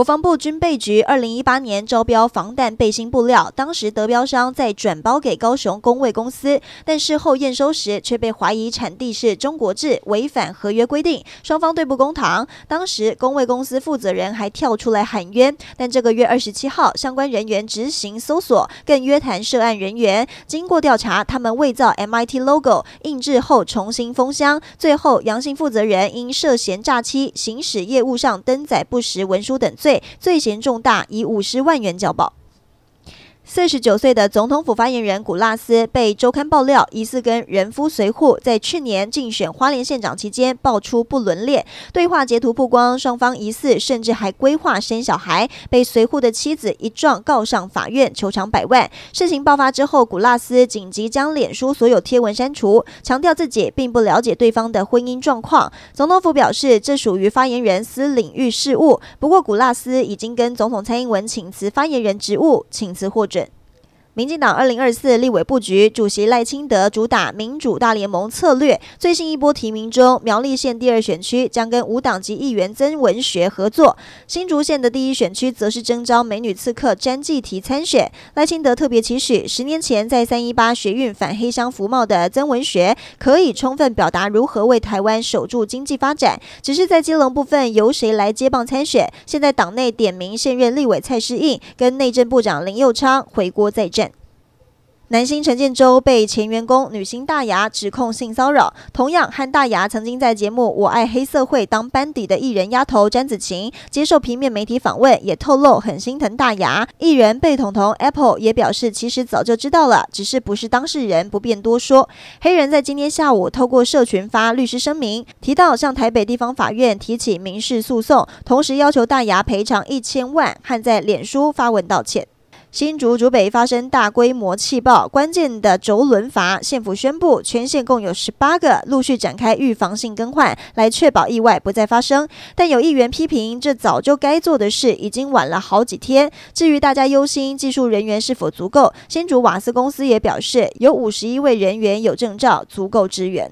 國防部軍備局二零一八年招標防彈背心布料，當時得標商再轉包給高雄工衛公司，但事後驗收時卻被懷疑產地是中國制，違反合約規定，雙方對簿公堂。當時工衛公司負責人還跳出來喊冤，但這個月二十七號相關人員執行搜索，更約談涉案人員。經過調查，他們偽造 MIT logo，印制後重新封箱。最後，楊姓負責人因涉嫌詐欺、行使業務上登載不實文書等罪。罪嫌重大，以五十萬元交保。四十九歲的總統府發言人谷辣斯被週刊爆料，疑似跟人夫隨扈在去年競選花蓮縣長期間爆出不倫戀，對話截圖曝光，雙方疑似甚至還規劃生小孩，被隨扈的妻子一狀告上法院，求償百萬。事情爆發之後，谷辣斯緊急將臉書所有貼文刪除，強調自己並不了解對方的婚姻狀況。總統府表示，這屬於發言人私領域事務。不過，谷辣斯已經跟總統蔡英文請辭發言人職務，請辭獲准。民進黨二零二四立委布局，主席賴清德主打民主大聯盟策略。最新一波提名中，苗栗縣第二選區將跟無黨籍議員曾玟學合作；新竹縣的第一選區則是徵召美女刺客詹記提參選。賴清德特別期許，十年前在三一八學運反黑箱服貿的曾玟學，可以充分表達如何為台灣守住經濟發展。只是在基隆部分由誰來接棒參選，現在黨內點名現任立委蔡適應跟內政部長林右昌回鍋再戰。男星陳建州被前員工女星大牙指控性騷擾。同樣和大牙曾經在節目《我愛黑澀會》當班底的藝人丫頭詹子晴接受平面媒體訪問，也透露很心疼大牙。藝人貝彤彤 Apple 也表示，其實早就知道了，只是不是當事人，不便多說。黑人在今天下午透過社群發律師聲明，提到向台北地方法院提起民事訴訟，同時要求大牙賠償一千萬，和在臉書發文道歉。新竹竹北發生大規模氣爆，關鍵的軸輪閥，縣府宣布全縣共有十八個陸續展開預防性更換，來確保意外不再發生。但有議員批評，這早就該做的事，已經晚了好幾天。至於大家憂心技術人員是否足夠，新竹瓦斯公司也表示，有五十一位人員有證照，足夠支援。